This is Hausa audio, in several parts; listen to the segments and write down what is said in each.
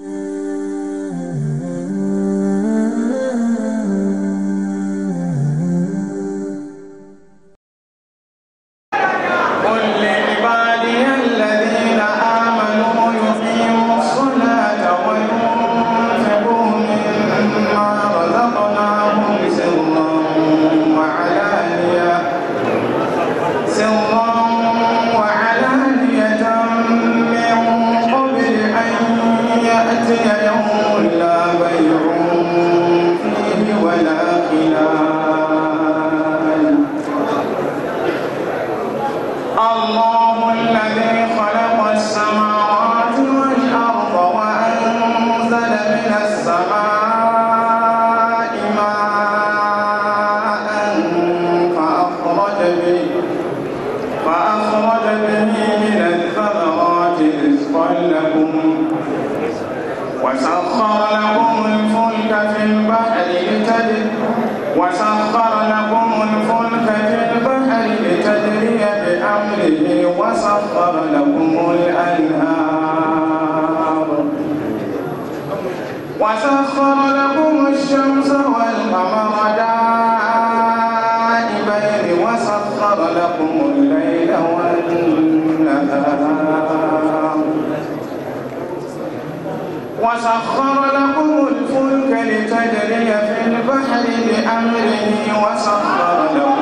Mm-hmm. وسخر لكم الفلك لتجري في البحر بأمره وسخر لكم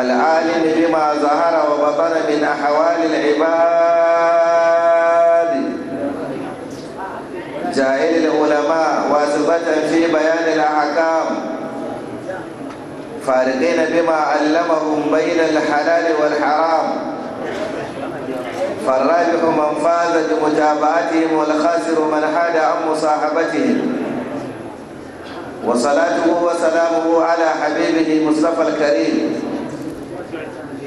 العالم بما ظهر وبطن من أحوال العباد جاهل العلماء واثبة في بيان الأحكام فارقين بما علمهم بين الحلال والحرام فالرابح من فاز بمتابعتهم والخاسر من حاد عن مصاحبتهم وصلاته وسلامه على حبيبه مصطفى الكريم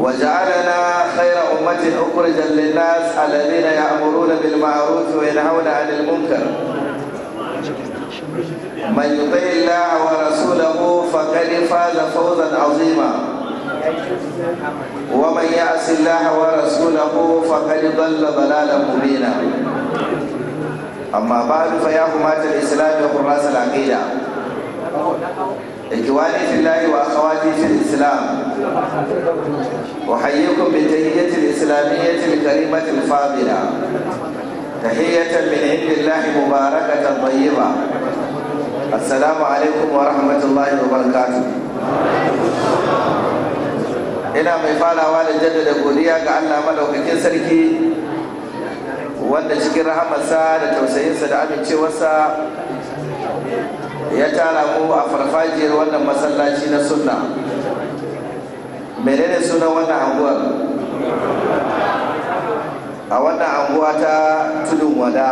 وجعلنا خير أمة أخرجا للناس الذين يأمرون بالمعروف وينهون عن المنكر من يطيع الله ورسوله فقد فاز فوزا عظيما ومن يعص الله ورسوله فقد ضل ضلالا مبينا أما بعد فيا حماة الإسلام وحراس العقيدة إخواني في الله وأخواتي في الإسلام أحييكم بالتحية الإسلامية الكريمة الفاضلة تحية من عند الله مباركة طيبة السلام عليكم ورحمة الله وبركاته ina mai farawa da jaddada godiya ga Allah madaukakin sarki wanda cikin rahamarsa da tausayinsa da amincewarsa ya tara ko a farfajiyar wannan masallaci na sunna menene suna wannan anguwar a wannan anguwa ta tudun wada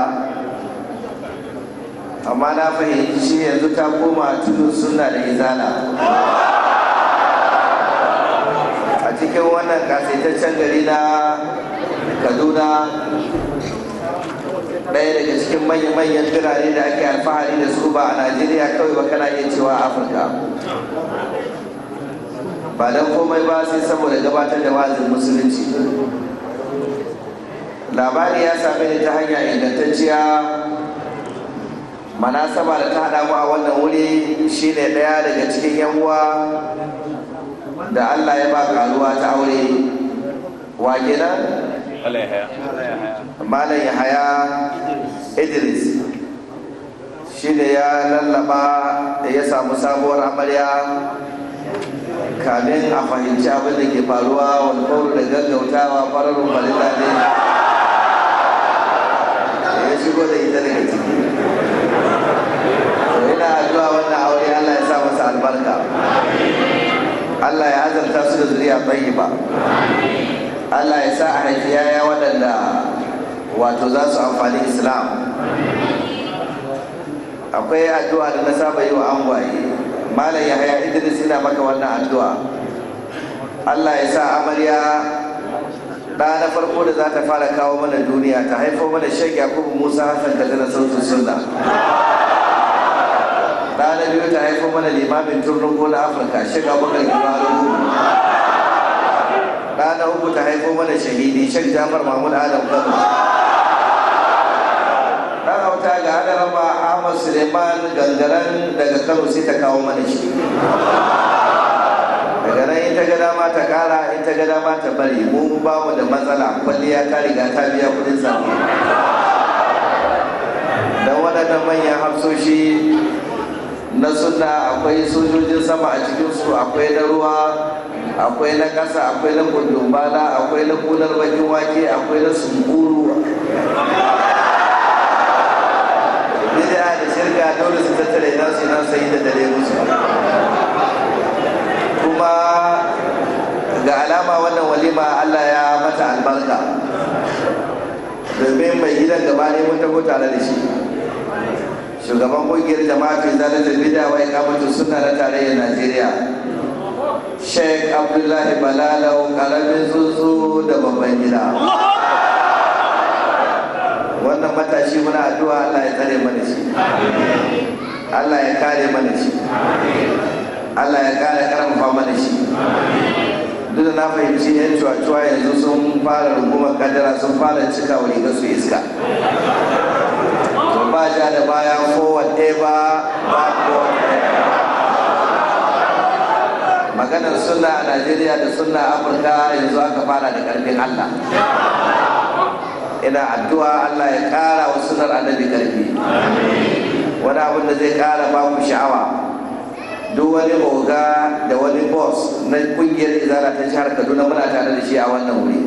amma na fahimci yanzu ta koma tudun sunna da izala a cikin wannan kasaitaccen gari na kaduna ɗaya daga cikin manyan birane da ake alfahari da su ba a najeriya kawai ba kana iya cewa afirka ba don komai ba sai saboda gabatar da wazin musulunci labari ya same ni ta hanya ingantacciya manasaba da ta haɗa mu a wannan wuri shine ɗaya daga cikin yan da allah ya ba karuwa ta aure wa kenan malam yahaya idris shi ne ya lallaba da ya samu sabuwar amarya kamin a fahimci abin da ke faruwa wani da gaggautawa farar umarita ne ya shigo da ita daga ciki ina addu'a wannan aure Allah ya sa masa albarka Allah ya azarta su da a tayyiba ba. Allah ya sa a haifi yaya waɗanda wato za su amfani islam akwai addu'a da na saba yi wa angwaye malam yahaya idris ina maka wannan addu'a Allah ya sa amarya ɗa na farko da za ta fara kawo mana duniya ta haifo mana shek yakubu musa hassan ta gana sautin sunna ɗa na biyu ta haifo mana limamin turnin na afirka shek abubakar gibaro rana uku ta haifo mana shahidi shan jamar mahmud adam kano ɗan hauta ga adarama ahmad suleiman gangaren daga kano sai ta kawo mana shi daga nan in ta ga dama ta kara in ta ga dama ta bari mu ba mu da matsala kwalliya ta riga ta biya kudin zafi don waɗannan manyan hafsoshi na suna akwai sojojin sama a cikinsu akwai na ruwa akwai na ƙasa akwai na kundumbala akwai na kunar bakin wake akwai na sunkuru bid'a da shirka dole su tattare za su na da dare musu kuma ga alama wannan walima Allah ya mata albarka domin mai gidan gaba ne mun tafi tare da shi shugaban kungiyar jama'a fi da bid'a wa sunna na tarayyar Najeriya sheik abdullahi balalau karamin zuzu da babban gida wannan matashi muna addu'a allah ya tsare mana shi allah ya kare mana shi allah ya kare karamfa mana shi duk da na fahimci yan cuwa-cuwa yanzu sun fara rungumar kadara sun fara cika wa riga su iska ba ja da baya ko whatever maganar sunna a najeriya da sunna afirka yanzu aka fara da karfin allah ina addu'a allah ya ƙara wa sunar annabi karfi wani abin da zai ƙara ba ku sha'awa duk wani oga da wani boss na kungiyar izara ta jihar kaduna muna tare da shi a wannan wuri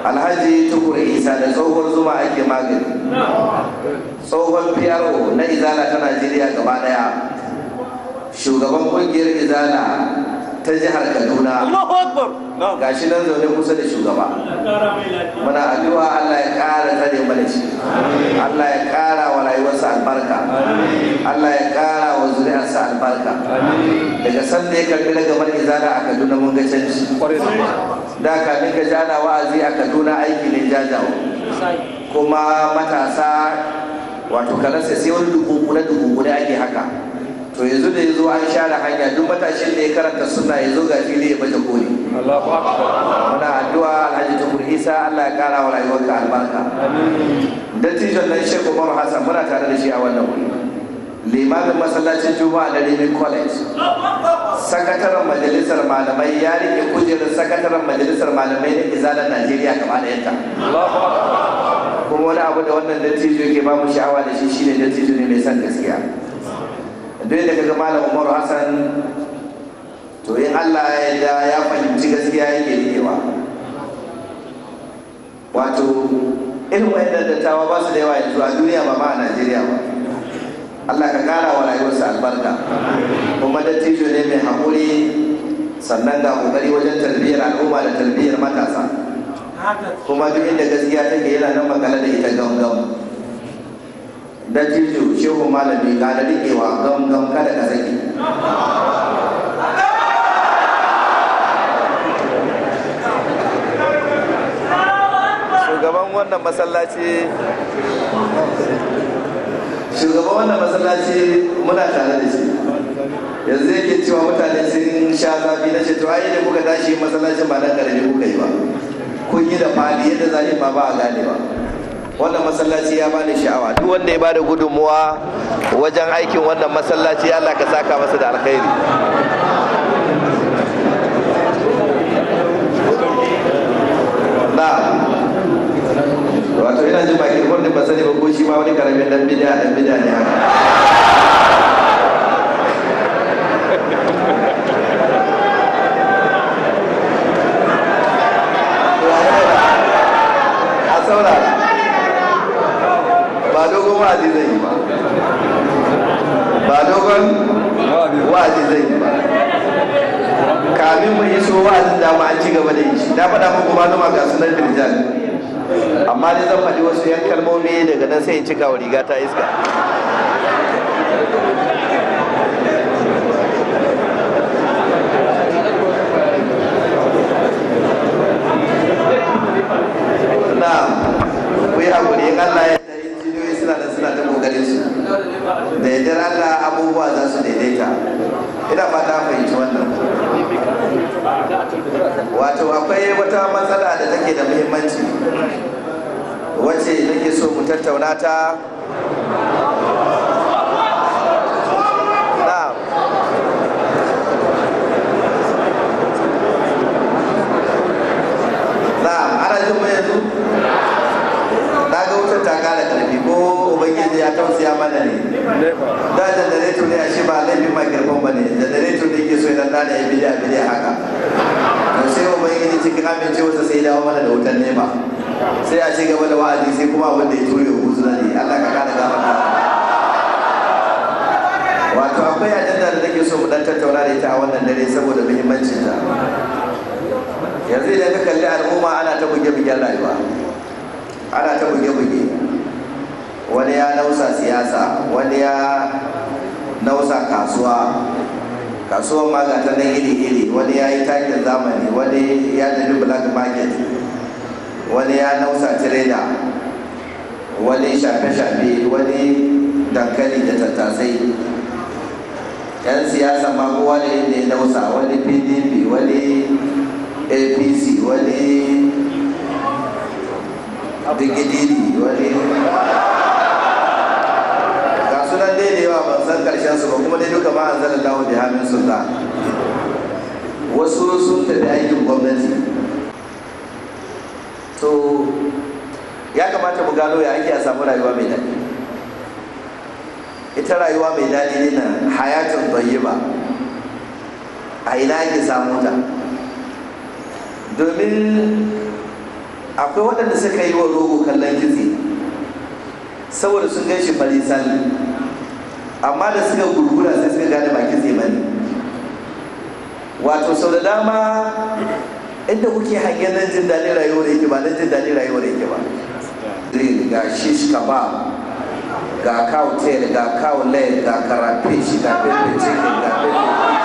alhaji tukur isa da tsohuwar zuma ake magani tsohon pro na izara ta najeriya gaba daya shugaban kungiyar izana ta jihar kaduna ga shi nan zaune kusa da shugaba muna addu'a allah ya kara tsare mana shi allah ya kara wa rayuwarsa albarka allah ya kara wa zuri'arsa albarka daga sanda ya karbi daga mara izana a kaduna mun ga canji da kamin ka jana wa'azi a kaduna aiki ne jajawo kuma matasa wato kalarsa sai wani dubu na dubu ake haka to yanzu da yanzu an share hanya duk matashin da ya karanta suna ya zo ga fili ya baje koli muna addu'a alhaji tukur isa allah ya kara wa rayuwarka albarka tijon nan shek umar hassan muna tare da shi a wannan wuri limamin masallacin juma'a da rimi college sakataren majalisar malamai ya rike kujerar sakataren majalisar malamai na izalar najeriya kama da yanta kuma wani abu da wannan dattijo ke ba mu sha'awa da shi shine dattijo ne mai son gaskiya duk da kaga malam Umar Hassan to Allah ya ya fahimci gaskiya yake rikewa wato irin wayannan dattawa ba su da yawa yanzu a duniya ba ba a Najeriya ba Allah ka kara wa rayuwarsa albarka kuma da dattijo ne mai haƙuri sannan ga ƙoƙari wajen tarbiyyar al'umma da tarbiyyar matasa kuma duk inda gaskiya take yana nan makala da ita gangan da jirgin shehu malami ga da rikewa gangan kada ka zaki shugaban wannan masallaci shugaban wannan masallaci muna tare da shi yanzu yake cewa mutane sun sha zafi na shi to ai da kuka tashi masallacin ba nan karami kuka yi ba kun yi da fali yadda zafi ba ba a gane ba wannan masallaci ya bani sha'awa duk wanda ya bada gudunmuwa wajen aikin wannan masallaci Allah ka saka masa da alkhairi wato ina jin bakin wanda ba sani ba ko shi ma wani karamin dan bid'a dan bid'a ne haka a saurara ba dogon wa'azi zai yi ba ba dogon wa'azi zai yi ba kamin mu iso wa'azin dama an ci gaba da yi shi na faɗa muku maluma ga sunan birjan amma dai zan faɗi wasu yan kalmomi daga nan sai in cika wa riga ta iska na ku yi haƙuri in Allah ya ina ba ta fahimci wannan wato akwai wata matsala da take da muhimmanci wacce nake so mu tattauna ta ubangiji ya tausaya mana ne da janareto ne a shi ba laifin mai girman ba ne janareto ne ke so ya dan dana ya bi haka to sai ubangiji cikin ce wata sai dawo mana da wutan nema sai a ce gaba da wa'azi sai kuma wanda ya turo ya hutu na ne Allah ka kada gafarta wato akwai ajanda da nake so mu dan tattauna da ita a wannan dare saboda muhimmancin ta yanzu idan ka kalli al'umma ana ta buge-bugen rayuwa ana ta buge-buge wani ya nausa siyasa wani ya nausa kasuwa kasuwan ma na iri-iri wani ya yi takin zamani wani ya tafi black market wani ya nausa tirela wani shafe-shafe wani dankali da tattasai yan siyasa ma kowa da inda ya nausa wani pdp wani apc wani digidiri wani sunan dai da yawa ban san karshen su ba kuma dai duka ba an zana dawo da hamin sulta wasu sun tafi aikin gwamnati to ya kamata mu gano ya ake a samu rayuwa mai daɗi ita rayuwa mai daɗi ne na hayatun ba. a ina ake samu ta domin akwai waɗanda suka yi wa rogo kallon kitse saboda sun gan shi fari amma da suka gurgura sai suka gane bakin zai mani wato sau da dama inda kuke hangen nan jin daɗin rayuwar yake ba nan jin daɗin rayuwar yake ba ga shish kebab ga kawo tel ga kawo lel ga shi ga pepper chicken ga pepper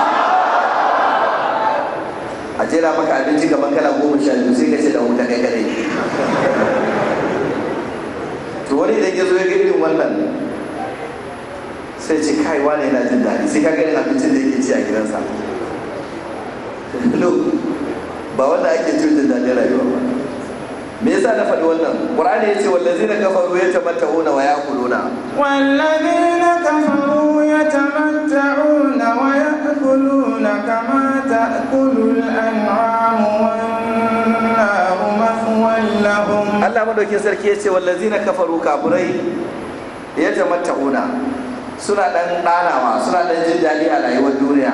a jera maka abinci gaban kala goma sha biyu sai ka ce da wuta kai kadai to wani idan ya zo ya ga wannan sai ce kai wane yana jin daɗi sai ka gani abincin da yake ci a gidansa ba wanda ake ciwo jin daɗin rayuwa ba me yasa na faɗi wannan qur'ani yace wallazina kafaru yatamatta'una wa ya'kuluna wallazina kafaru yatamatta'una wa ya'kuluna kama ta'kulu al-an'am Allah madaukin sarki ya yace wallazina kafaru kafurai yatamatta'una suna ɗan ɗanawa suna ɗan jin daɗi a rayuwar duniya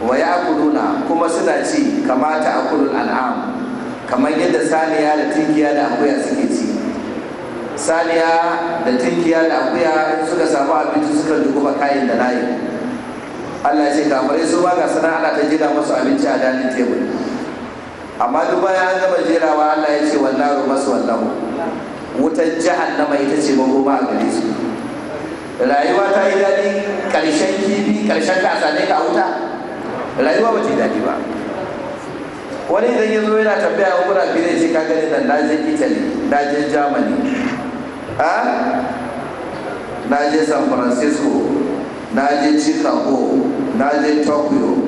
wa ya kuduna kuma suna ci kamata a kulun al'am kamar yadda saniya da tinkiya da akuya suke ci saniya da tinkiya da akuya suka samu abinci suka dukuba kayan da layi Allah ce kamar su ba ga sana ana ta jira musu abinci a dalin tebur amma duk bayan an gama jerawa Allah ya ce wallahu masu wallahu wutar jahannama ita ce makoma a gare su rayuwa ta yi daɗi ƙarshen kifi ƙarshen ka ne ka wuta rayuwa ba ta yi daɗi ba wani zai yi zo yana tambaya a kuna fi zai ka gani nan na je italy na germany ha na san francisco na chicago na tokyo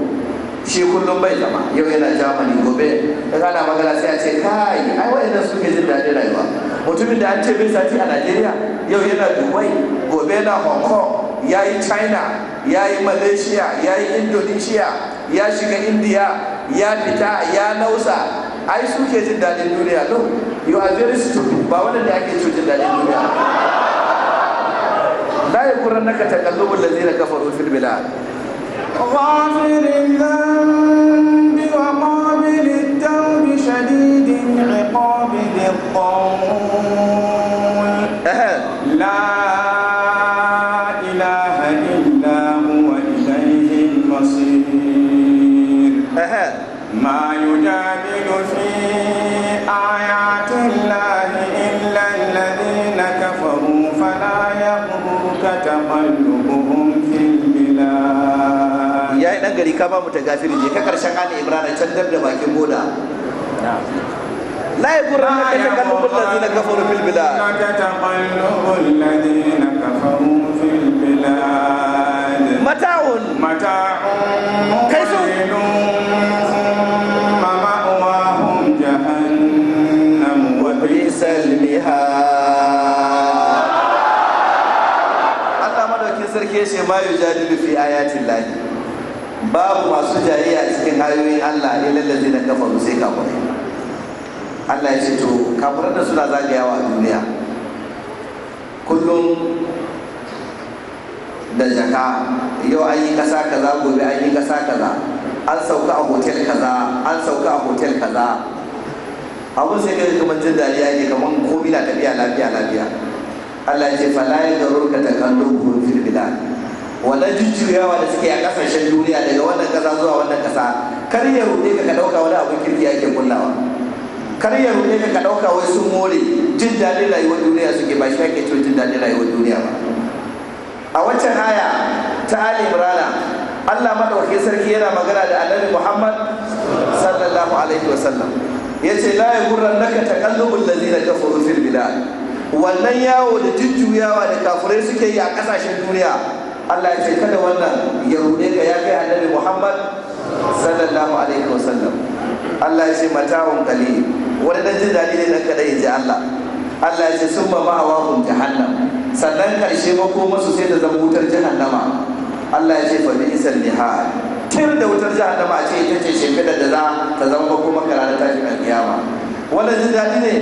shi kullum bai zama yau yana germany gobe da kana magana sai a ce kai ai waɗannan suke jin daɗin rayuwa mutumin da an ce bai sati a najeriya yau yana dubai gobe yana hong kong ya yi china ya yi malaysia ya yi indonesia ya shiga india ya fita ya nausa ai su ke jin daɗin duniya no you are very stupid ba wanda da ake jin daɗin duniya la kuran naka taqallubul ladzina kafaru fil bilad غافر الذنب وقابل شديد العقاب ka ba mu ta gafiri je ka karshen ali imran a candar da bakin boda la yakun ranaka ta kallu kullu zina kafaru fil bilad la ta taqallu alladhina babu masu jayayya cikin hayoyin Allah ilal ladina kafaru sai kafirai Allah ya ce to kafiran da suna zagayawa a duniya kullum da jaka yau an yi kasa kaza gobe an yi kasa kaza an sauka a hotel kaza an sauka a hotel kaza abun sai kai kamar jin dariya ne kaman komi na tafiya lafiya lafiya Allah ya ce fala ya garurka ta kallon gurin fil bilad wannan jujjuyawa da suke a kasashen duniya daga wannan kasa zuwa wannan kasa kar ya rude ka ka dauka wani abin kirki ake kullawa kar ya rude ka ka dauka wai sun more jin daɗin rayuwar duniya suke ba shi ake cewa jin daɗin rayuwar duniya ba a waccan aya ta Ali Imran Allah madaukakin sarki yana magana da Annabi Muhammad sallallahu alaihi wasallam yace la yughurrannaka taqallubul ladzina kafaru fil bilad wannan yawo da jujjuyawa da kafirai suke yi a kasashen duniya Allah ya ce kada wannan ya rune ka ya kai annabi Muhammad sallallahu alaihi wasallam Allah ya ce mata'un qalil wani dan jin dadi ne dan kada ya ji Allah Allah ya ce summa ma'awahum jahannam sannan karshe ko musu sai da zama wutar jahannama Allah ya ce fa bi isal nihal tun da wutar jahannama a ce ita ce shekada da za ta zama kuma ta ji alkiyama wannan jin dadi ne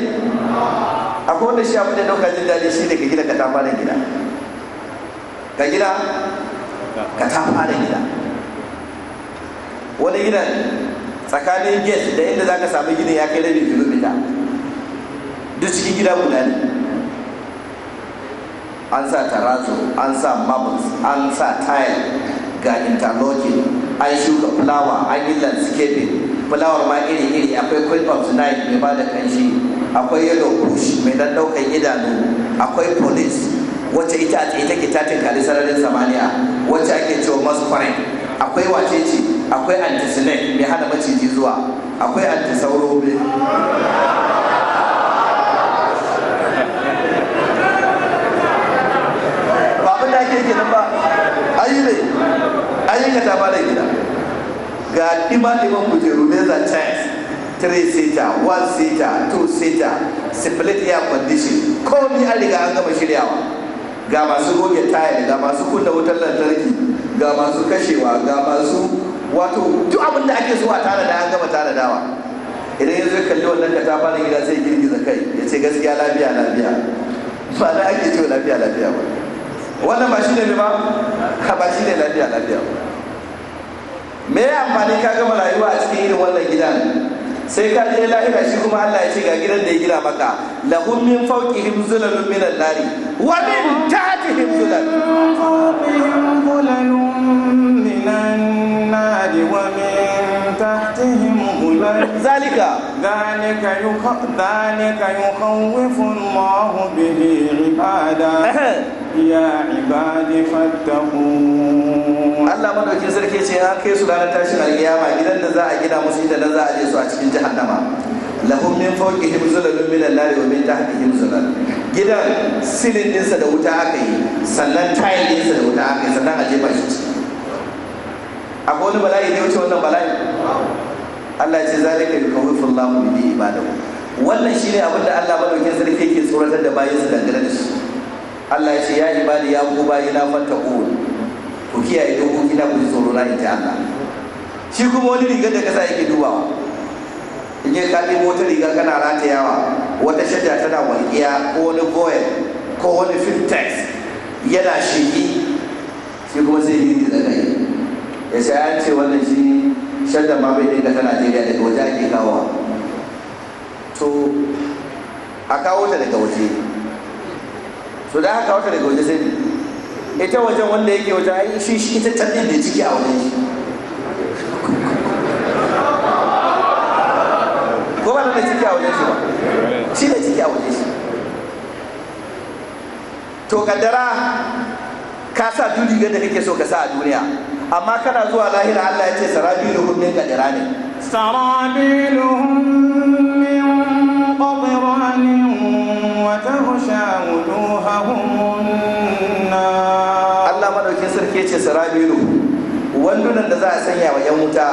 akwai wanda shi abin da dauka jin dadi shi ne ka gina ka tafa da gida ka gida ka ta fara gida wani gida tsakanin gate da inda za ka samu gini ya kai rabin kilomita duk cikin gida guda ne an sa tarazo an sa marbles an sa tile ga interlocking an shuka fulawa an yi landscaping fulawar ma iri-iri akwai queen of the night mai ba da kanshi akwai yellow bush mai dan daukan idanu akwai police wacce ita ce ita ke ta kali sararin samaniya wacce ake ce masu masquerade akwai wace ce akwai antisinek mai hana maciji zuwa akwai antisauro ba abin da ake kenan ba ayi ne ayi ka ta da gida ga ɗima-ɗiman kujeru meza chines three seater one seater two seater split air condition ni an riga an gama shiryawa ga masu goge taya ga masu kunna wutar lantarki ga masu kashewa ga masu wato duk abin da ake zuwa tare da an gama tare dawa idan yanzu ya kalli wannan ka ta fara gida sai girgiza kai ya ce gaskiya lafiya lafiya ba da ake ce lafiya lafiya ba wannan ba shi ne ba ba shi ne lafiya lafiya ba me ya amfani ka gama rayuwa a cikin irin wannan gidan sai ka je lahira shi kuma Allah ya ce ga gidan da ya gina maka lahum min fawqihim zulalun min an-nari wa min tahtihim zulal min fawqihim zulalun min an-nari wa min ذلك ذلك ذلك يخوف الله به عباده يا عباد فاتقون Allah madaukin sarki ce an kai su ranar tashin alkiyama gidan da za a gina musu ita da za a je su a cikin jahannama lahum min fawqihim zulalun min an wa min tahtihim gidan silin dinsa da wuta aka yi sannan tile dinsa da wuta aka yi sannan a jefa shi A wani bala'i ne wuce wannan bala'i Allah ce zalika yukhawwifullahu bihi ibadahu wannan shine abin da Allah madaukakin sarki yake tsoratar da su dangane da su Allah ya ce ya ibadi ya ku na fattaqun ku kiyaye dokoki na ku tsoro na ita Allah shi kuma wani rigar da kasa yake duba in ya kalli wata riga kana ratayawa wata shadda tana walƙiya ko wani goyel ko wani fintex yana shigi shi kuma zai yi zagaye ya sai an ce wannan shi shadda ma bai dinka ta najeriya daga waje ake kawo to a kawo ta daga waje to da aka kawo ta daga waje sai ita wajen wanda yake waje ai shi shi ita ta da ciki a waje. ko ba da ciki a waje shi ba shi da ciki a waje shi to kaddara ka sa duk ga da kake so ka sa a duniya amma kana zuwa lahira Allah ya ce sarabiluhum min qadrani sarabiluhum min qadrani wa tahsha wujuhahum Allah madaukin sarki ce sarabilu wandunan da za a sanya wa yan wuta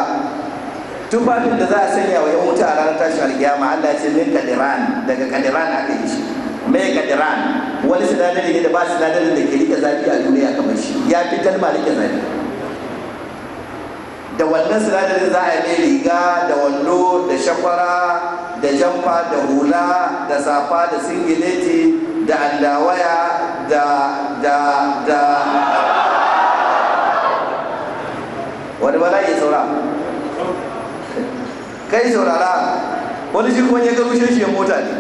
tufafin da za a sanya wa yan wuta a ranar tashin alkiyama Allah ya ce min qadiran daga qadiran aka yi shi mai qadiran wani sinadari ne da ba sinadarin da ke rike zafi a duniya kamar shi ya fi ma rike zafi da wannan sinadarin za a yi riga da wando da shakwara da jamfa da hula da safa da singileti da allawaya da da da wani ba ya saura kai saurara wani shi kuma ya ga rushe shi mota ne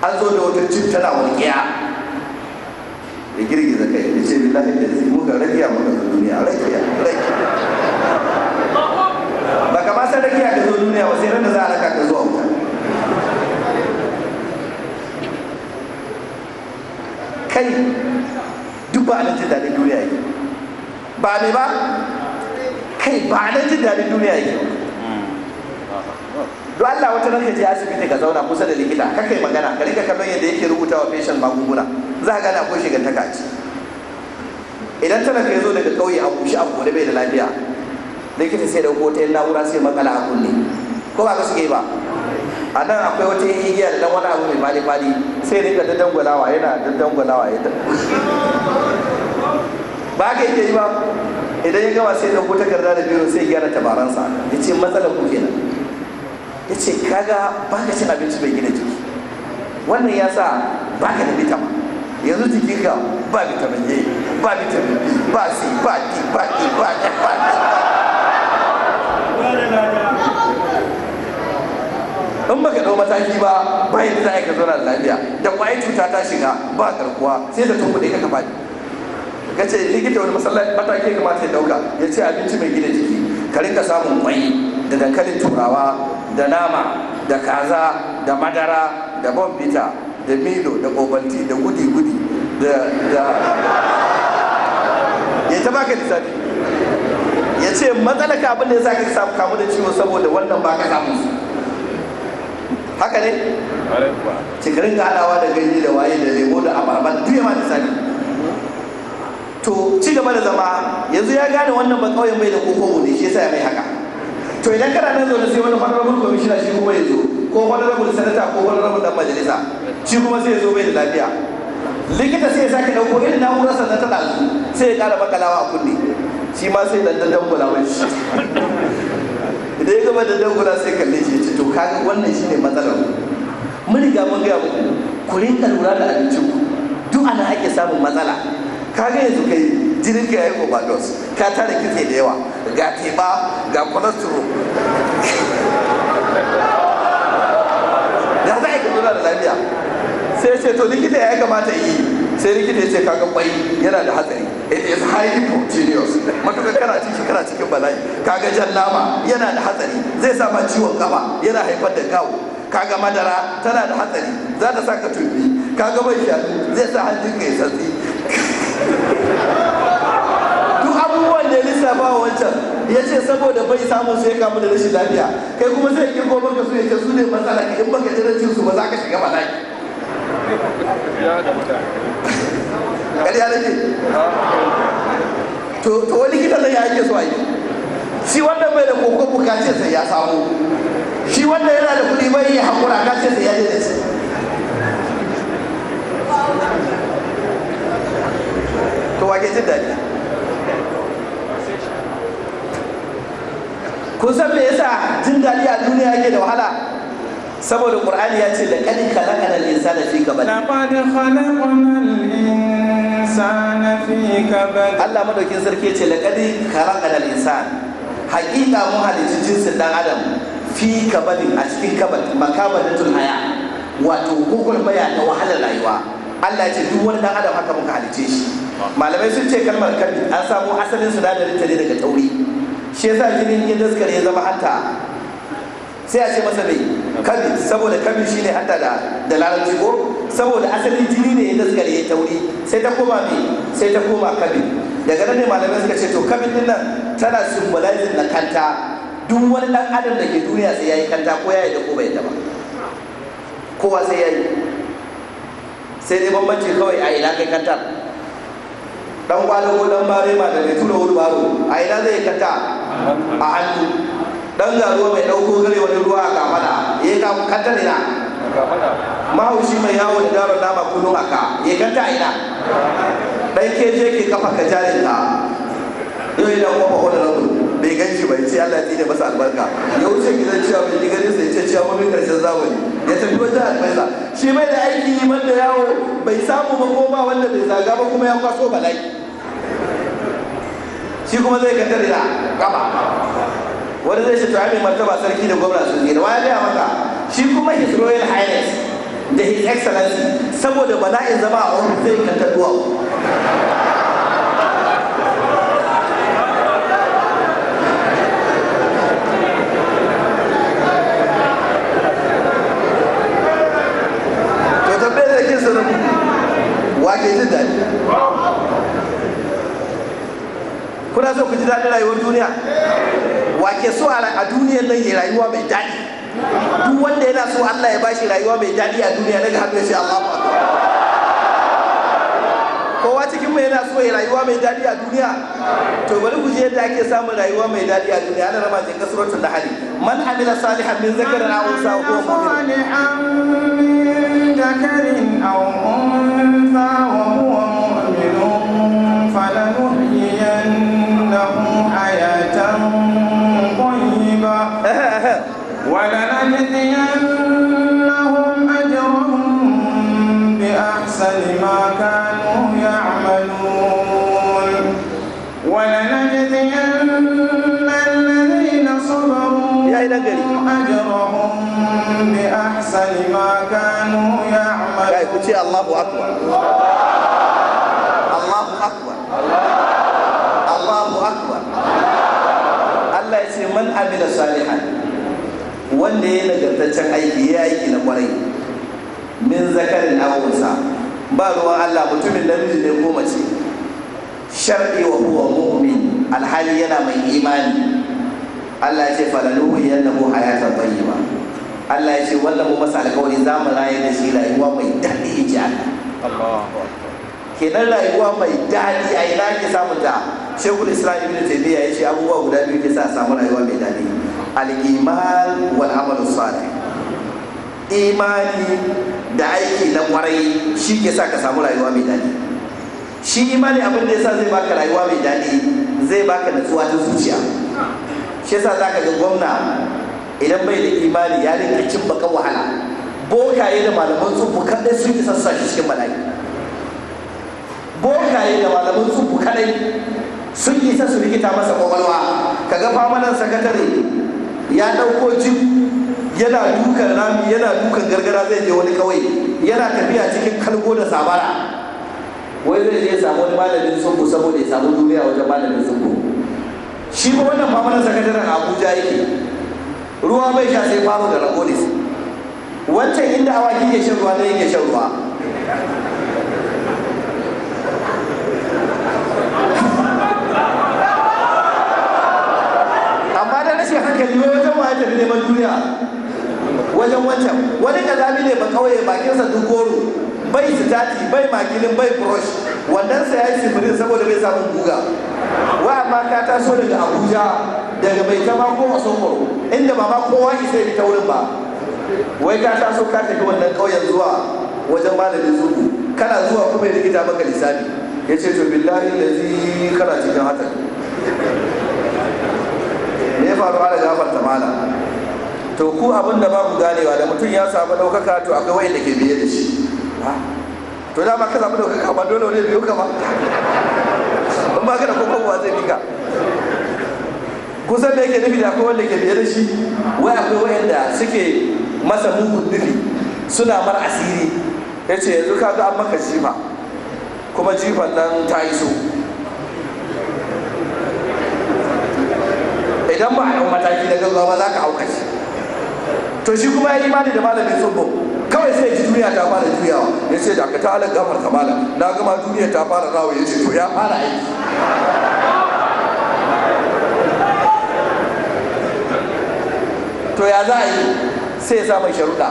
an zo da wata cin tana walƙiya ya girgiza kai ya ce billahi da zai muka rakiya muka duniya rakiya rakiya ba ka ma san rakiya ka zo duniya ba sai ran da za a raka ka zuwa wuta kai duk ba a da duniya yake ba me ba kai ba nan da duniya yake don Allah wata ran ka je asibiti ka zauna kusa da likita ka kai magana ka rika kallon yadda yake rubuta wa patient magunguna za ka na akwai ta kaci? idan talaka ya zo daga ƙauye a bushe a gobe bai da lafiya likita sai dauko ta na'ura sai makala a kunne ko ba ka suke ba a nan akwai wata igiya da dan wani abu mai fadi fadi sai rinka da dangwalawa yana da dangwalawa ya ba ka yake yi ba idan ya gama sai dauko garda da biyu sai gyara tabaransa ya ce matsalar ku kenan ya ce kaga ba ka cin abinci mai gina jiki wannan ya sa ba ka da bitama yanzu jikinka ba vitamin a ba vitamin ba si, ba ki, ba ki, e, ba ki. in baka dau mataki ba ba yadda za a ka zauna da lafiya da kwayar cuta ta shiga ba garkuwa sai da tumbuɗe ka kafa ka ce likita wani masallaci mataki ya kamata ya dauka ya ce abinci mai gina jiki ka rinka samun kwai da dankalin turawa da nama da kaza da madara da bombita da milo da kobanti da gudi-gudi da ya ta baka lissafi ya ce matsalaka abinda ya sa ka samu kamu da ciwo saboda wannan baka samu su haka ne cikin ga hadawa da ganye da waye da lemo da ababen duk ya da sani to ci gaba da zama yanzu ya gane wannan ba kauyen mai da koko ne shi yasa ya mai haka to idan kana nan da sai wani honorable commissioner shi kuma ya zo ko honorable sanata ko honorable dan majalisa shi kuma sai ya zo bai da lafiya likita sai ya sake dauko irin na'urar sannan ta ɗazu sai ya ƙara makalawa a kunne shi ma sai dandan dangula mai shi idan ya gama dandan gula sai kalle shi to kaga wannan shine matsalar mun riga mun gaya muku ku rinka lura da abincin ku duk ana ake samun matsala kaga yanzu kai jinin ka yayi overdose ka tara kitse da yawa ga teba ga cholesterol da za ka yi lura da lafiya sai ce to likita ya kamata yi sai likita ya ce kaga kwai yana da hatsari it is highly proteinous matuƙa kana ciki kana cikin bala'i kaga jan nama yana da hatsari zai sa ma ciwon gaba yana haifar da gawo kaga madara tana da hatsari za ta sa tumbi kaga mai shanu zai sa hancin ka santsi duk abubuwan da ya lissafa wancan ya ce saboda bai samun su ya kamu da rashin lafiya kai kuma zai kirgo baka su ya ce su ne matsala in baka ji su ba za ka shiga bala'i ƙarya nake to wani likitan nan ya ake so a yi shi wanda bai da koko bukace sai ya samu shi wanda yana da kuɗi bai ya haƙura kace sai ya je da shi to wake jin daɗi kun san me yasa jin daɗi a duniya yake da wahala saboda qur'ani ya ce laqad khalaqana al-insana fi kabad laqad khalaqana al-insana fi kabad Allah madaukin sarki ya ce laqad khalaqana al-insan haƙiƙa mu halicci jinsin dan adam fi kabadin a cikin kabad makabadatul haya wato maya da wahalar rayuwa Allah ce duk wani dan adam haka muka halice shi malamai sun ce kalmar kabi an samu asalin sinadarin ta ne daga tauri shi yasa jinin ya daskare ya zama hanta sai a ce masa mai kabi saboda kabi shine hanta da da larabci ko saboda asalin jini ne ya daskare ya tauri sai ta koma mai sai ta koma kabi daga nan ne malamai suka ce to kamin din nan tana symbolizing na kanta duk wani dan adam da ke duniya sai yayi kanta ko yayi da ko bai ba kowa sai yayi sai dai bambanci kawai a ina kai kantar dan kwalo ko dan bare ma da ne tura wuri baro a ina zai kanta a hannu dan garuwa mai dauko gare wani ruwa a kafada ya ka kanta ina mahaushi mai yawo da daro nama kullum aka ya kanta ina dan keje ke kafa ka jarin ta yau ina kuma wani rabu bai ganci bai ce Allah ya masa albarka ya wuce gidan cewa bai ji gare sai ce cewa mun karshen zamani ya tafi wajen alfaisa shi mai da aiki yi da yawo bai samu ba ko ba wanda bai zaga ba kuma ya kwaso bala'i shi kuma zai kantar da kafa wani zai ce amin martaba sarki da gwamna sun zira wani gaya maka shi kuma his royal highness da his excellency saboda bala'in zama a wani zai kanta duwawu wake jin daɗi kuna so ku ji daɗin rayuwar duniya wake so a duniyar nan yi rayuwa mai daɗi duk wanda yana so Allah ya bashi rayuwa mai daɗi a duniya daga hannu ya Allah ba kowa cikin mai yana so ya rayuwa mai daɗi a duniya to bari ku je da ake samun rayuwa mai daɗi a duniya ana rama cikin suratul nahl man amila salihan min zakarin aw unsa wa huwa mu'min ولنجزينهم أجرهم بأحسن ما كانوا يعملون ولنجزين الذين صبروا أجرهم بأحسن ما كانوا يعملون الله أكبر الله أكبر الله أكبر الله يسمى من عمل صالحا wanda ya nagartaccen aiki ya aiki na kwarai min zakarin awunsa ba ruwan Allah mutumin namiji ne ko mace shar'i wa huwa mu'min alhali yana mai imani Allah ya ce falaluhu yannahu hayatan tayyiba Allah ya ce wannan mu masa alƙawari za mu raye da shi rayuwa mai daɗi in ji Allah kenan rayuwa mai daɗi a ina ke samun ta shekul islam ibn taymiya ya ce abubuwa guda biyu ke sa samu rayuwa mai daɗi al-iman wal amalu salih imani da aiki na kwarai shi ke sa ka samu rayuwa mai daɗi shi imani abin da ya sa zai baka rayuwa mai daɗi zai baka natsuwa ta zuciya shi yasa zaka ga gwamna idan bai da imani ya rinka cin baka wahala bokaye da malaman tsubu kaɗai sun yi sassa shi cikin bala'i bokaye da malaman tsubu kaɗai sun isa su rikita masa kwakwalwa ga famanan sakatare ya ɗauko jib yana dukan rami yana dukan gargara zai je wani kawai yana tafiya cikin kalgo da sabara wai zai je samu wani malamin sunku saboda ya samu duniya wajen malamin sunku shi ba wannan famanan sakataren abuja yake ruwa bai sha sai fama da rakonis wancan inda awaki ke shan ruwa na yake shan ruwa neman duniya wajen wancan wani zami ne ba kauye bakinsa duk goro bai sitati bai makilin bai brush wannan sa yayi simirin saboda bai samu guga wa amma ka taso daga Abuja daga bai kama ko Sokoto inda ba ma kowa isa sai ta wurin ba wai ka taso ka tafi wannan kauyen zuwa wajen malamin zuku kana zuwa kuma ya rikita maka lisani ya ce to billahi lazi kana cikin hatar ne faru ala gafarta malam to ku abin da babu ganewa da mutum ya samu ɗaukaka to akwai wayanda ke biye da shi to dama ka samu ɗaukaka ba dole wani biyo ka ba in ba ka da kokon wa zai bika kusan da yake nufi da akwai wanda ke biye da shi wai akwai wayanda suke masa mugun nufi suna mar asiri ya ce yanzu ka ga an maka jifa kuma jifan nan ta iso idan ba a yi mataki na gaggawa za ka auka shi to shi kuma ya yi imani da malamin tsoho kawai sai ji duniya ta fara juyawa ya ce da ta halin gamar kamala na gama duniya ta fara rawa ya ce to ya fara aiki to ya za a yi sai ya sa sharuɗa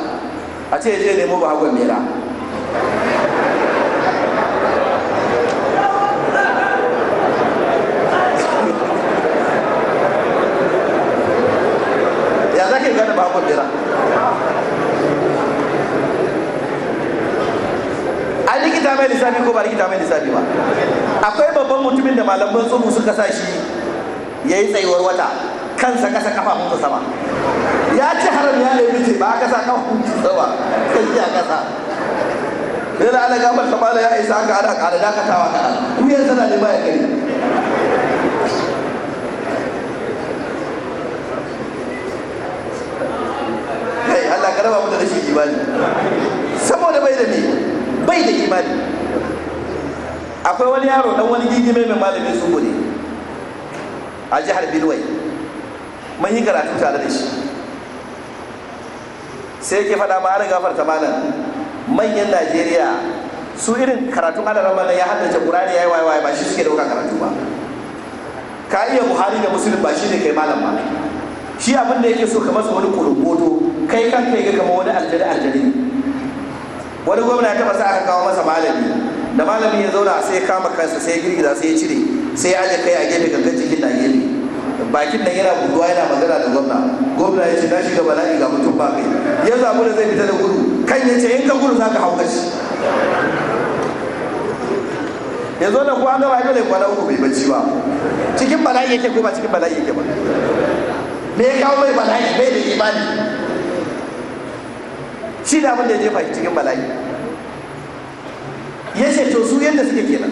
a ce je nemo ba hagon mera mai lissafi ko ba likita mai lissafi ba akwai babban mutumin da malaman tsohu suka sa shi ya yi tsayuwar wata kansa kasa kafafunsa sama ya ci haram ya nemi ce ba aka sa kafafunsa sama sai ya kasa yana ana gamar kamala ya isa aka ana ƙara dakatawa kaɗan kuma yanzu na ba ya gani kai Allah ka raba mu da rashin imani saboda bai da ni bai da imani akwai wani yaro dan wani gigime mai malamin su ne a jihar Bilwai mun yi karatu tare da shi sai yake faɗa ma ana ta malam manyan Najeriya su irin karatun adaran malam ya haddace Qur'ani yayi waye waye ba shi suke dauka karatu ba ka iya Buhari da musulun ba shi ne kai malam ba shi abin da yake so ka masa wani kurungoto kai kanka ya ga kamar wani aljari aljari wani gwamna ta masa aka kawo masa malami da malami ya zauna sai ya kama kansa sai ya girgiza sai ya cire sai ya aje kai a gefe kankan cikin na gefe bakin nan yana buduwa yana magana da gwamna gwamna ya ce na shiga bala'i ga mutum ba kai ya zamu da zai fita da gudu kan ya ce in ka gudu ka hauka shi Ya zo ko an gaba ya dole kwana uku bai bacci ba cikin bala'i yake ko ba cikin bala'i yake ba me ya kawo mai bala'i bai da imani shi da abin da ya jefa cikin bala'i ya ce to su yadda suke kenan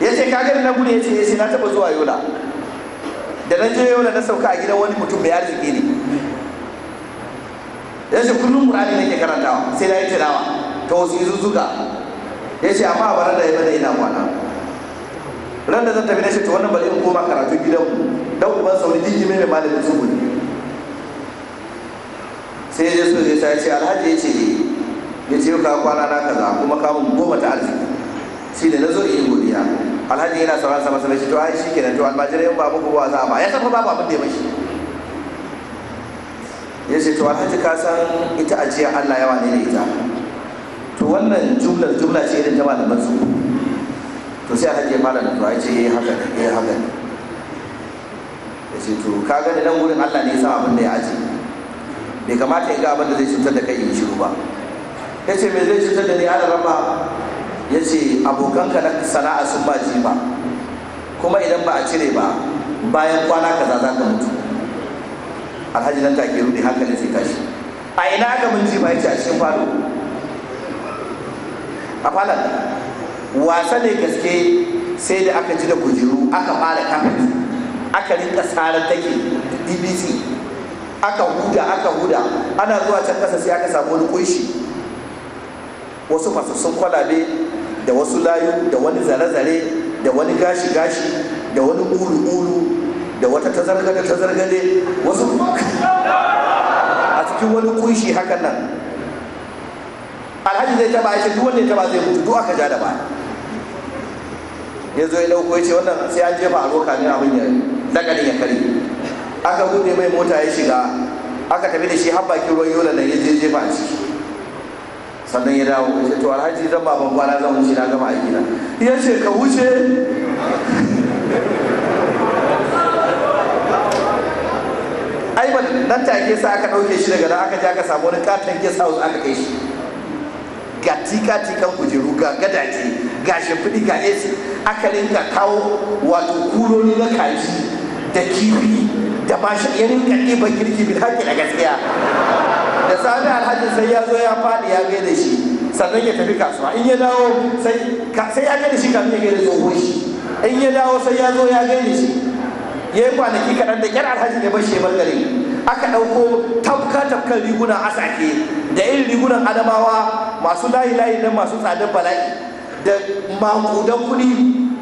ya ce kagar na gudu ya ce ya eh, ce na taba zuwa yola da na je yola na sauka a gidan wani mutum mai arziki ne ya ce kullum murani nake karantawa sai da ya ce tilawa ta wasu izuzzuka ya ce amma a bara da ya bada ina kwana ran da zan tafi na ce to wannan bari in koma karatu mu dan uban sauri jiki mai malamin zuhuri sai ya je so ya ce alhaji ya ce eh. ya ce ka kwana na kaza kuma kamun goma ta arziki shi da zo in godiya alhaji yana sauran sama sama shi to ai shikenan to almajirai ba babu ba za a ba ya san babu abin da ya mashi ya ce to alhaji ka san ita ajiya Allah yawa ne ita to wannan jumlar jumla ce irin ta malaman su to sai alhaji ya fara da to ai ce yayi eh, haka ne yayi eh, haka ne ya ce to ka gani nan gurin Allah ne ya sa abin da ya aje bai kamata ya ga abin da zai cutar da kai in shiru ba ya ce me zai cutar da ni ana rama ya ce abokanka na sana'a sun ba ba kuma idan ba a cire ba bayan kwana kaza za ka mutu alhaji nan take rudi ne sai tashi a ina aka mun jima ya ce a cikin falo a falon wasa ne gaske sai da aka ji da kujeru aka fara kafin aka rinka tsarar take bbc aka huda aka huda ana zuwa can kasa sai aka samu wani kunshi wasu fasassun kwalabe da wasu layu da wani zare-zare da wani gashi-gashi da wani ulu-ulu da wata tazargade-tazargade wasu a cikin wani kunshi hakan nan alhaji zai taba aiki duk wanda ya taba zai mutu duk aka ja da baya ya zo ya dauko ya ce wannan sai an jefa a roka ne abin ya lakarin ya kare aka bude mai mota ya shiga aka tafi da shi har bakin ruwan yola nan ya je jefa a ciki sannan ya dawo ya ce to alhaji zan ba ban kwana zan wuce na gama aiki na ya ce ka wuce ai ba ta ke sa aka dauke shi daga nan aka ja aka samu wani katon ke sa aka kai shi ga tika tika kujeru ga gadaje ga shimfiɗi ga ace aka rinka kawo wato kuroni na kaji da kifi da bashi ya rinka ɗiban girki bin da gaskiya da sami alhaji sai ya zo ya faɗi ya gaida shi sannan ya tafi kasuwa in ya dawo sai ya gaida shi kafin ya gaida tsohon shi in ya dawo sai ya zo ya gaida shi ya yi kwanaki kaɗan da ƙyar alhaji ya bar shi ya aka ɗauko tafka tafkan rigunan asake da irin rigunan adamawa masu layi layi na masu tsadar bala'i da makudan kuɗi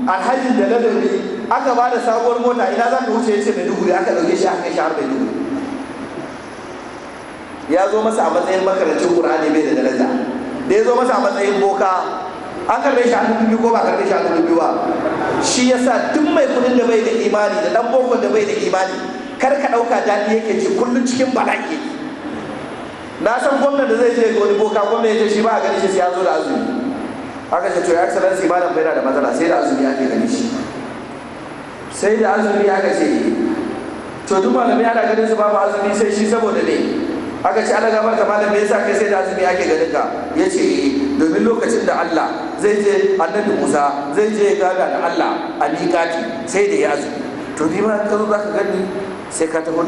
alhaji da ladabi aka ba da sabuwar mota ina za ka wuce ya ce mai aka ɗauke shi aka kai shi har mai ya zo masa a matsayin makarancin qur'ani bai da daraja da ya zo masa a matsayin boka an karbe shi hannun dubi ko ba karbe shi hannun dubi ba shi yasa duk mai kudin da bai da imani da dan boko da bai da imani kar ka dauka dadi yake ce kullun cikin bala'i na san gwamnan da zai je ga wani boka gwamna ya ce shi ba a gani shi sai ya zo da azumi aka ce to ya excellency malam bai da matsala sai da azumi ake gani shi sai da azumi aka ce to duk malamai ana ganin su babu azumi sai shi saboda ne aka ce ana gaba malam me yasa kai sai da azumi ake ganin ka yace eh, domin lokacin da Allah zai je annabi Musa zai je gana da Allah a miƙati sai da ya azumi to ni ma ka zo za ka gani sai ka tafi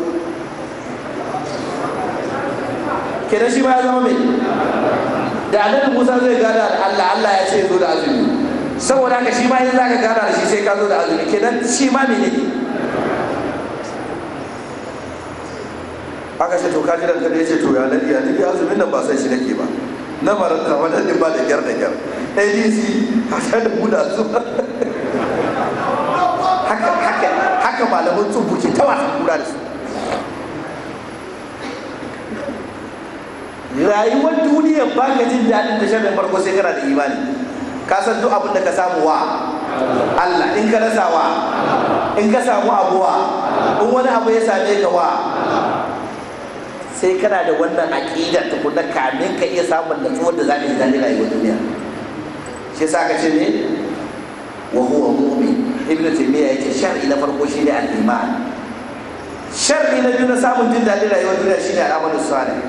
kenan shi ma ya zama mai da annabi Musa zai gada da Allah Allah ya ce zo da azumi saboda haka shi ma yanzu za ka gada da shi sai ka zo da azumi kenan shi ma ne aka ce to kaji da ne ce to ya ladi ya ladi azumin nan ba sai shi nake ba na maranta wannan din ba da gyar da gyar adc haka da buda su haka haka haka malaman tsubu ke ta wasa kura da su rayuwar duniya ba ka jin daɗin da shan farko sai kana da imani ka san duk abin da ka samu wa Allah in ka rasa wa in ka samu abuwa in wani abu ya same ka wa sai kana da wannan aƙidar tukunna kamin ka iya samun natsuwar da za ka yi daɗin rayuwar duniya shi yasa ka ce ne wa huwa mu'min ibn taymiya yake shar'i na farko shi ne al-iman na biyu na samun jin daɗin rayuwar duniya shine al-amalu salih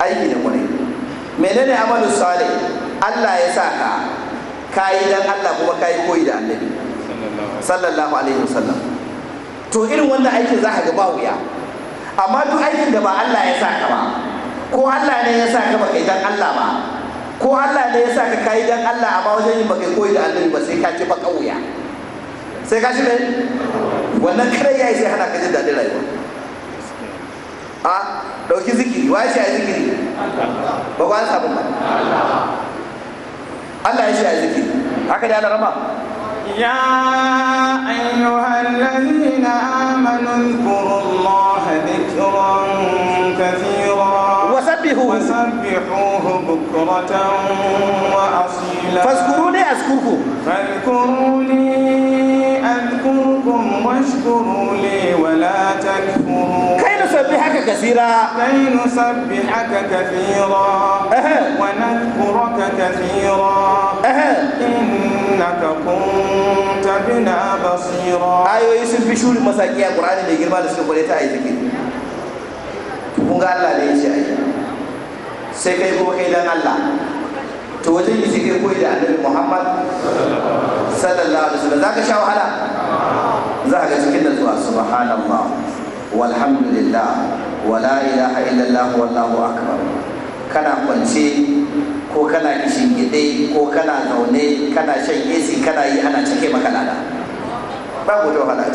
aiki da kwarai menene amalu salih Allah ya sa ka kayi dan Allah kuma kayi koyi da annabi sallallahu alaihi wasallam to irin wannan aikin za ka ga ba wuya amma duk aikin da ba Allah ya sa ka ba ko Allah ne ya sa ka ba kai dan Allah ba ko Allah ne ya sa ka kai dan Allah amma wajen yin ba kai koyi da Allah ba sai ka ci ba kauya sai ka shi ne wannan kare yayi sai hana ka jin dadin rayuwa a dauki zikiri wa shi a zikiri ba ba sabu ba Allah ya shi a zikiri haka da Allah rama يا أيها الذين آمنوا اذكروا الله وسبحوه بكرة وأصيلا فاذكروني أذكركم فاذكروني أذكركم واشكروا لي ولا تكفروا كي نسبحك كثيرا كي نسبحك كثيرا أه. ونذكرك كثيرا أه. إنك كنت بنا بصيرا أيوة يوسف في شوري مساكي القرآن اللي يجربها لسنة قريتها أي ذكر kun ga Allah da ya sai kai kuma kai dan Allah to wajen yi sai koyi da annabi Muhammad sallallahu alaihi wasallam zaka sha wahala za ka ga cikin zuwa subhanallah walhamdulillah wala ilaha illallah wallahu akbar kana kwance ko kana kishin ko kana zaune kana shan yesi kana yi ana cike maka lada babu da wahala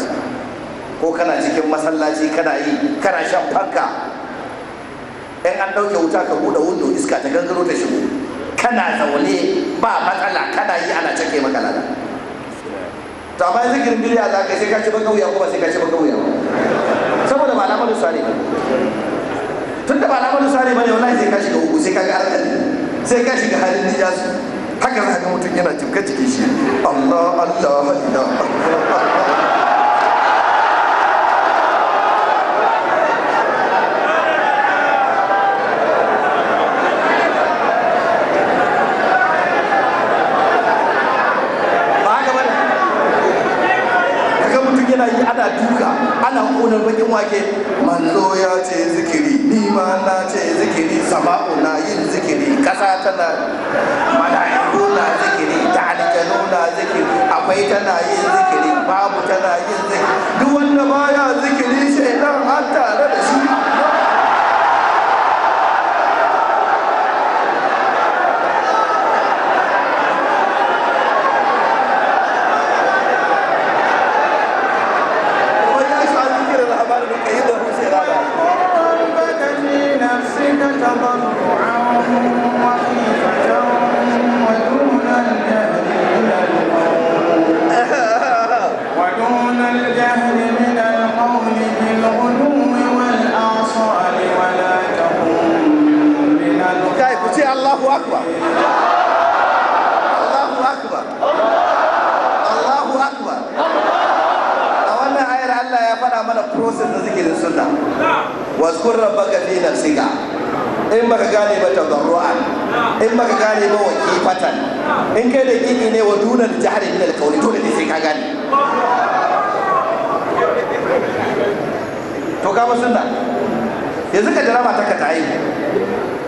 ko kana cikin masallaci kana yi kana shan fanka in an ɗauke wuta ka buɗe windo iska ta gangaro ta shigo kana zaune ba matsala kana yi ana cike maka lada to amma yanzu girin biliya za ka sai ka ci baka wuya ko ba sai ka ci baka wuya saboda ba na malu sare tun da ba na malu sare bane wallahi sai ka shiga uku sai ka ga arkali sai ka shiga halin su haka za ka mutum yana jimka jikin shi Allah Allah Allah wannan bakin wake manzo ya ce zikiri ni ma na ce zikiri sama'u na yin zikiri kasa tana mala'iku na zikiri da aljanu na zikiri akwai tana yin zikiri babu tana yin zikiri duk wanda baya zikiri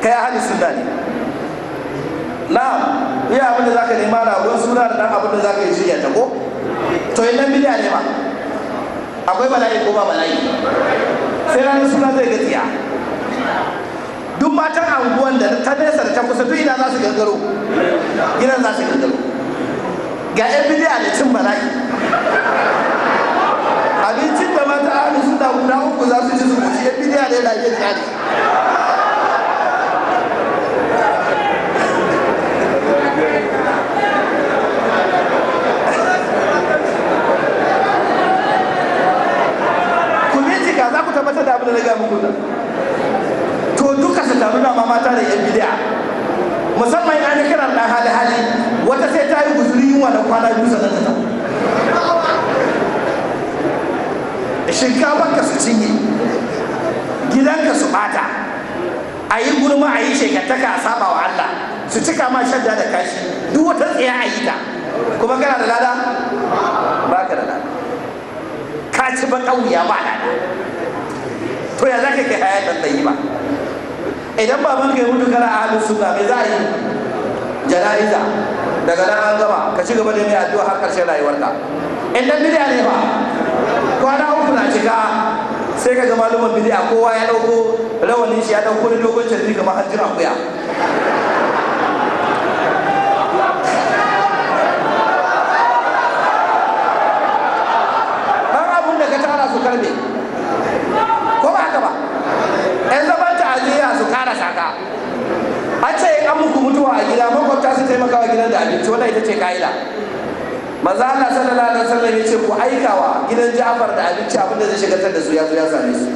kai ahli sunna ne na iya abin da zaka nema da abun suna da dan abin da zaka yi jiya ta ko to in nan bid'a ne ma akwai bala'i ko ba bala'i sai ranar suna zai ga tsiya duk matan anguwan da ta nesa da ta kusa duk ina za su gangaro gidan za su gangaro ga yan bidiya da cin bala'i abincin da mata ahli suna guda uku za su ci su kuci yan bidiya da yana yin tsari tabbatar da abin da na gaya muku da to duka su taru da mata da yan bid'a musamman ina kira dan hali hali wata sai ta yi guzuri yunwa da kwana biyu sa ta tafi shinkafar ka su cinye ka su bata a yi gurma a yi shekataka a saba wa Allah su cika ma shadda da kashi duk wata tsaya a yi ta kuma kana da lada ba ka da lada ka ci ba ƙauya ba lada to ya za ka kai hayatan ba idan baban ka ya mutu kana ahalin sunna me za a yi jana'iza daga nan an gama ka ci gaba da mai addu'a har karshen rayuwarka in dan bid'a ne ba kwana uku na cika sai ka ga malumin bidiya kowa ya dauko rawanin shi ya dauko dogon jirgin kamar hajjin akuya manzo Allah sallallahu alaihi wasallam ya ce ku aikawa gidan Ja'far da abinci abinda zai shigar da su ya zo ya same su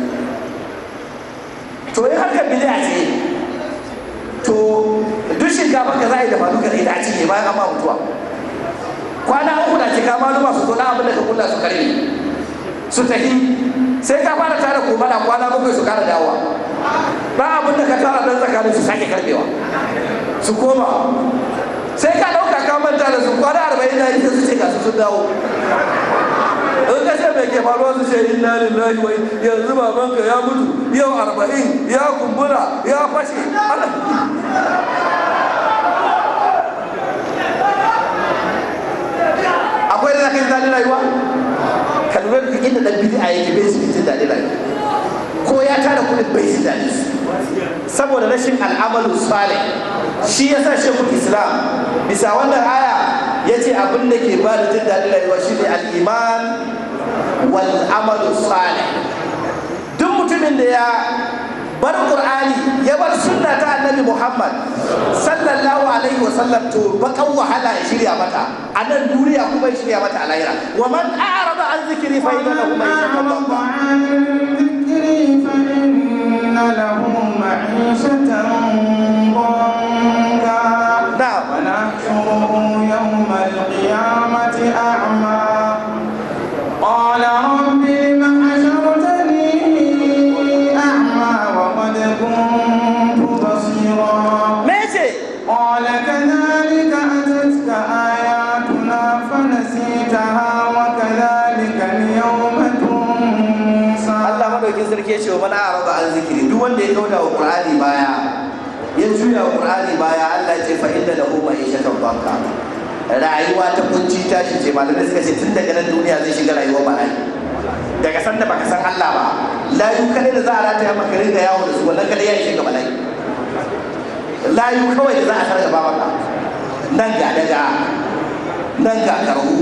to yi haka bid'a ce to duk shinkafa ka za a yi da malukar ita a cinye bayan amma mutuwa kwana uku da kama maluma su zo na abin da ka kula su karye su tafi sai ka fara tara kumana kwana bakwai su kara dawowa ba abin da ka tara dan tsakanin su sake karbewa su koma sai ka manta da su kwana arba'in na yi su ce gasu sun dawo in ka ce mai ke faruwa su ce inna lillahi wa yanzu babanka ya mutu yau arba'in ya kumbura ya fashe akwai da zaka yi daɗin rayuwa ka lura da inda ɗan bidi a yake bai su jin daɗin rayuwa ko ya tara kuɗin bai jin daɗin saboda rashin al'amalin salih shi sa shekul islam bisa wannan aya yace abin da ke ba da jin daɗin rayuwa shi ne iman wal amal salih duk mutumin da ya bar qur'ani ya bar sunna ta annabi muhammad sallallahu alaihi wasallam to ba bakan wahala ya shirya mata a nan duniya kuma ya shirya mata a lahira wa man a'rada an zikri fa inna lahu ma'isatan ضنكا sarki ya ce wa mana araba an zikiri duk wanda ya kauda wa qur'ani baya ya juya wa qur'ani kan banka rayuwa ta kunci shi ce malamai suka ce tun daga nan duniya zai shiga rayuwar bala'i daga san da baka san Allah ba layu kadai da za a rataya maka da yawo da su wannan kadai ya shiga bala'i layu kawai da za a sarga ka nan ga daga nan ga karhu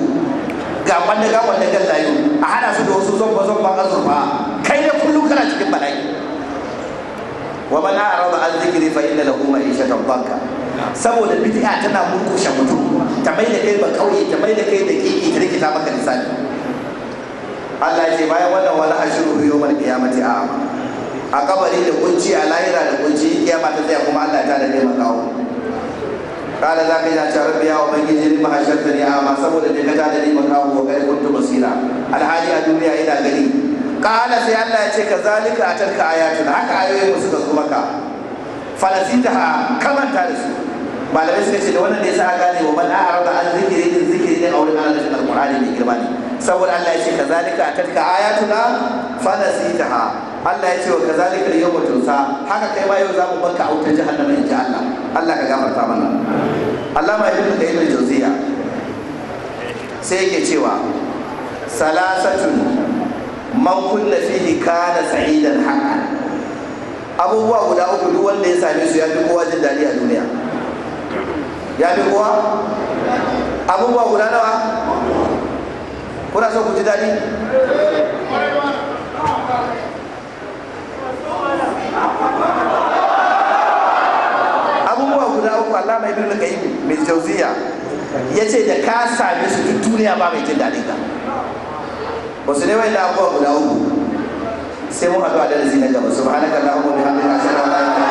ga wanda ga wanda ga layu a hana su da wasu zomba zomba zurfa kai ne kullum kana cikin malai wa man a'rada an zikri fa inna lahu ma'ishatan banka saboda bid'a tana murkushe mutum ta mai da kai ba kauye ta mai da kai da kiki ta rikita maka lisani Allah ya ce bayan wannan wani ashiru yawmal qiyamati a a kabari da kunci a lahira da kunci kiyama ta tsaya kuma Allah ya tada kai makawo kala za ka yi nace rabbi ya ubangiji ni mahasharta ni amma saboda da ka ta da ni makawo ga kuntu basira alhaji a duniya ina gani kala sai Allah ya ce ka zalika atarka ayatun haka ayoyin suka zo maka falasitaha kamanta da su malamai suka ce da wannan da sa a gane wa man a'rada an zikiri din zikiri din auren ana da alqur'ani mai girma ne saboda Allah ya ce ka a atatka ayatuna ha, Allah ya ce wa ka yau yawma tunsa haka kai ma yau za zamu barka a wutar jahannama in ji Allah Allah ka gafarta mana Allah ma yi qayyim al-jawziya sai yake cewa salasatun man kunna fihi kana sa'idan haqqan abubuwa guda uku duk wanda ya same su ya fi kowa jin daɗi a duniya ya fi kowa abubuwa guda nawa kuna so ku ji daɗi abubuwa guda uku Allah mai birnin kai mai jauziya ya ce da ka same su duk duniya ba mai jin daɗi ka ba su ne wai abubuwa guda uku sai mun haɗu a darasi na gaba subhanaka na bihamdika ashhadu an la ilaha